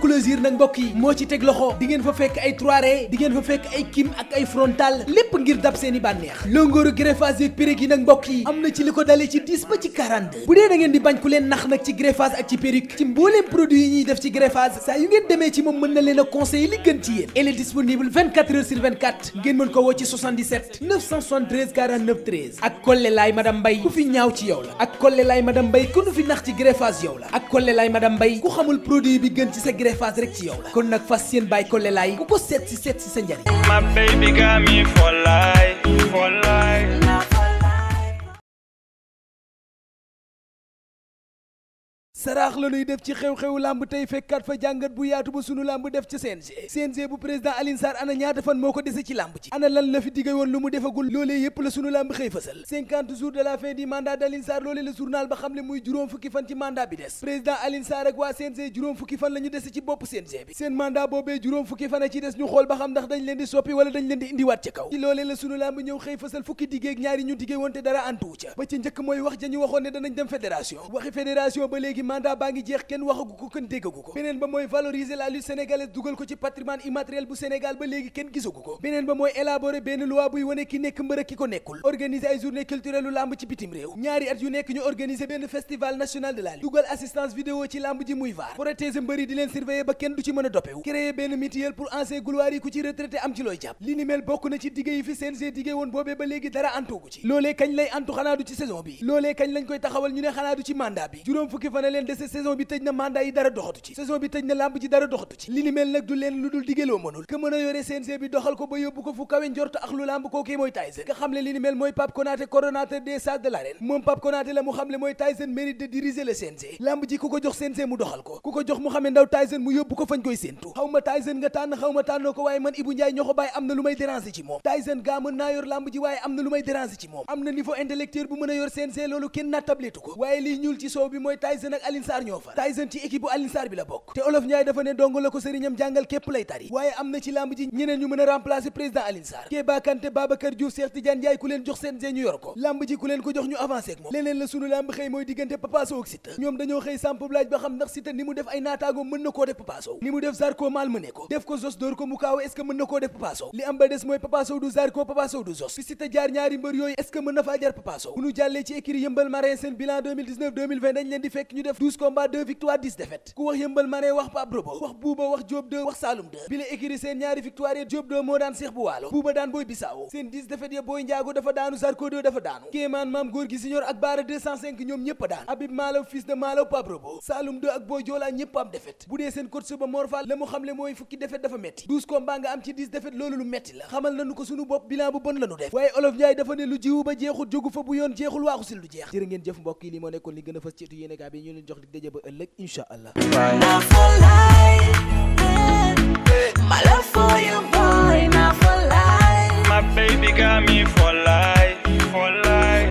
clôture nag mbokk yi moo ci teg loxo di ngeen fa fekk ay trois di ngeen fa fekk ay kim ak ay frontal lépp ngir dab seen bànneex longooru greffage yeeg périg yi nag mbokk yi am na ci li ko dalee ci 10 ba ci 42 bu dee da di bañ ku leen nax nag ci greffage ak ci périg ci mbooleem produit yi ñuy def ci greffage saa yu ngeen demee ci moom mën na leen a li gën ci yéen elle disponible ngeen mën ko woo ak Kolle laay madame Mbaye ku fi ñaaw Serigne Fass rek ci yow la kon nag fas ku ko seet si seet si sa njariñ. My baby got me for life. saraax la nuy def ci xew xew lamb tey fekkat fa jàngat bu yaatu ba sunu lamb def ci CNG CNG bu président Alioune Sarr ana ñaata fan moo ko dese ci lamb ci ana lan la fi digge woon lu mu defagul loolee yépp la sunu lamb xëy fasal cinquante jours de la fin du mandat xam ne muy juróom fukki fan ci mandat bi des président Alioune Sarr ak waa CNG juróom fukki fan la ñu dese ci bopp CNG bi seen mandat boobee juróom fukki fan a ci des ñu xool ba xam ndax dañ leen di soppi wala dañ leen di indiwaat ci kaw ci loolee la sunu lamb ñëw xëy fasal fukki diggeeg ñaari ñu diggee woon te dara antuwu ca ba mooy wax ja ñu waxoon ne danañ dem fédération waxi fédération ba mandat baa ngi jeex kenn waxagu ko kenn déggagu ko beneen ba mooy valoriser la lutte sénégalaise dugal ko ci patrimoine immatériel bu Sénégal ba léegi kenn gisagu ko beneen ba mooy élaborer benn loi buy wane ki nekk mbër ki ko nekkul organiser ay journée culturelle lu ci bitim réew ñaari at yu nekk ñu organiser benn festival national de la lutte dugal assistance vidéo ci lamb ji muy vaar protéger mbër yi di leen surveiller ba kenn du ci mën a ndese saison bi tëj na mandat yi dara doxatu ci saison bi tëj na làmb ji dara doxatu ci li nag du leen lu dul digeloo mënul ka mën a yore CNG bi doxal ko ba yóbbu ko fu kawe njort ak lu làmb kookii mooy Tyson nga xam le li mooy Pape Konaté coordonnateur des sages de l'arène moom Pape Konaté la mu xam mooy Tyson mérite de diriger le CNG làmb ji ku ko jox CNG mu doxal ko ku ko jox Mouhamed Ndao Tyson mu yóbbu ko fañ koy séentu xaw ma Tyson Alioune ci équipe bu Alioune bi la bokk te Olof Ndiaye dafa ne dong la ko sëriñam jàngal képp lay tari waaye am na ci lamb ji ñeneen ñu mën a remplacer président Alioune Sarr Kéba Kanté Babacar Diouf Cheikh Tidiane Ndiaye ku leen jox seen jee ñu yor ko lamb ji ku leen ko jox ñu avancé ak moom leneen la sunu lamb xëy mooy diggante Papa ak Siteu ñoom dañoo xëy samp bu ñu 12 combats 2 victoires ku wax yëmbal mane wax Pape Robo wax Bouba wax Diop 2 wax Saloum 2 bi la seen ñaari victoire ya Diop 2 moo daan Cheikh bu Waalo Bouba daan Boy Bissao seen 10 défaites ya Boy Ndiago dafa daanu Zarko 2 dafa daanu Kéemaan Maam Góor gi Siñor ak Baara ñoom ñëpp daan Habib Malaw fils de Malaw Pape Robo Saloum 2 ak Boy Joola ñëpp am défaite bu dee seen coach ba Mor la mu xamle mooy fukki défaite dafa metti 12 combats nga am ci 10 défaites jox dig daje ba ëllëg incha allah.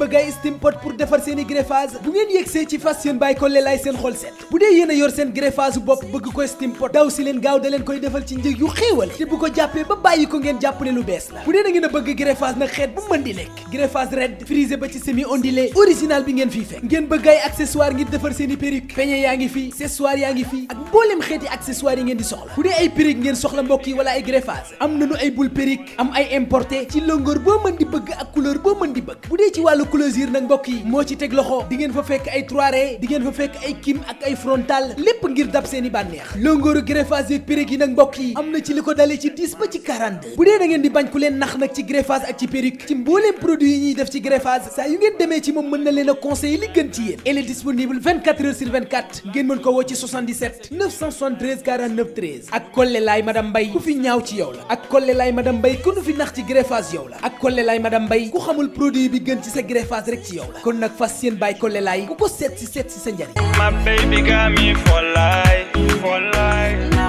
bëgg ay steam pot defar seen greffage bu ngeen yegsee ci fas yéen bàyyi ko lelaay seen xol set bu dee yéen yor seen greffage bopp bëgg koy steam daw si leen gaaw da koy defal ci njëg yu xéewal te bu ko jàppee ba bàyyi ko ngeen jàpp lu bees la bu dee da ngeen bëgg greffage nag xeet bu mën di lekk greffage red frisé ba ci semi ondulé original bi ngeen fii fekk ngeen bëgg ay accessoire ngir defar seen i peñe yaa clôture nag mbokk yi moo ci teg loxo di fa fekk ay trois di ngeen fa fekk ay kim ak ay frontal lépp ngir dab seen i bànneex longooru greffage yeeg périg yi nag mbokk yi am na ci li ko dalee ci 10 ba ci 42 bu dee da di bañ ku leen nax nag ci greffage ak ci périg ci mbooleem produit yi ñuy def ci greffage saa yu ngeen demee ci moom mën na leen a li gën ci yéen elle est disponible 24 heures sur 24 ngeen mën ko woo ak Kolle Serigne Fass rek ci yow la kon nag fas yéen bàyyi ko lelaay ku ko seet si seet baby got for life, for life.